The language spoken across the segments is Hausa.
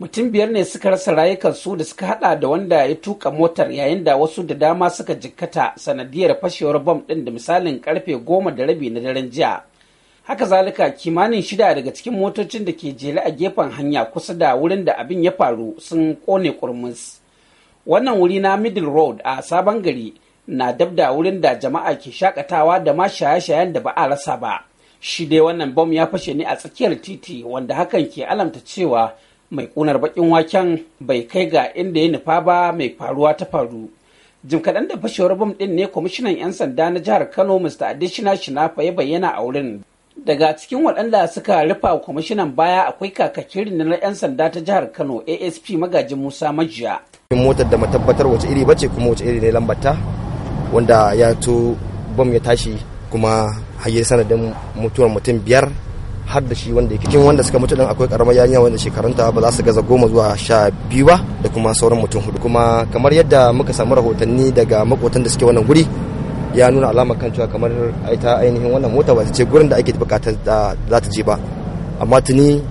mutum biyar ne suka rasa rayukansu da suka hada da wanda ya tuka motar yayin da wasu da dama suka jikkata sanadiyar fashewar bom din da misalin karfe goma da rabi na daren jiya haka zalika kimanin shida daga cikin motocin da ke jere a gefen hanya kusa da wurin da abin ya faru sun kone kurmus wannan wuri na middle road a sabon gari na dab da wurin da jama'a ke shakatawa da ma shaye-shayen da ba a rasa ba shi dai wannan bom ya fashe ne a tsakiyar titi wanda hakan ke alamta cewa mai ƙunar bakin waken bai kai ga inda ya nufa ba mai faruwa ta faru jim kaɗan da fashewar bom ɗin ne kwamishinan 'yan sanda na jihar kano mr adishina shinafa ya bayyana a wurin daga cikin waɗanda suka rufa kwamishinan baya akwai kakakin rundunar 'yan sanda ta jihar kano asp magajin musa majiya motar da matabbatar wace iri bace kuma wace iri ne lambata wanda ya to bom ya tashi kuma hayyar sanadin mutuwar mutum biyar har da shi wanda yake cikin wanda suka mutu din akwai karamar yarinya wanda shekarunta ba za su gaza goma zuwa sha biyu ba da kuma sauran mutum hudu kuma kamar yadda muka samu rahotanni daga makotan da suke wannan guri ya nuna alamar kan cewa kamar ita ainihin wannan mota ba ta ce gurin da ake bukatar da za ta je ba amma tuni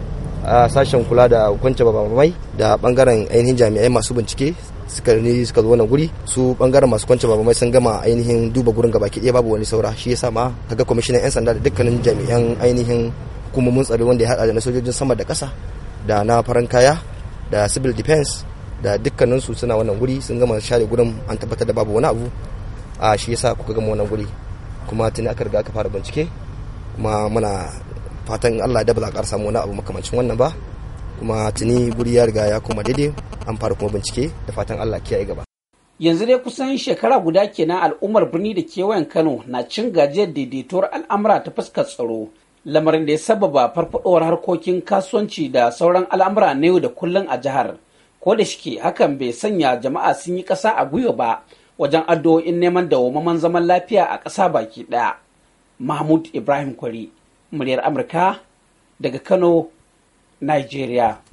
a sashen kula da hukunci mai da bangaren ainihin jami'ai masu bincike suka ne suka zo wannan guri su bangaren masu kwanci babamai sun gama ainihin duba gurin gaba ki babu wani saura shi yasa ma kaga kwamishinan yan sanda da dukkanin jami'an ainihin kuma mun tsaro wanda ya hada da na sojojin sama da ƙasa da na faran kaya da civil defense da dukkaninsu suna wannan guri sun gama share gurin an tabbatar da babu wani abu a shi yasa kuka gama wannan guri kuma tuni aka riga aka fara bincike kuma muna fatan Allah da ba za a samu wani abu makamancin wannan ba kuma tuni guri ya riga ya kuma daidai an fara kuma bincike da fatan Allah kiyaye gaba yanzu dai kusan shekara guda kenan al'ummar birni da kewayen Kano na cin gajiyar daidaituwar al'amura ta fuskar tsaro lamarin da ya sababa farfadowar harkokin kasuwanci da sauran al'amura na yau da kullum a jihar ko da shike hakan bai sanya jama'a sun yi ƙasa a gwiwa ba wajen addu'o'in neman dawwamaman zaman lafiya a ƙasa baki ɗaya mahmud ibrahim kwari muryar amurka daga kano nigeria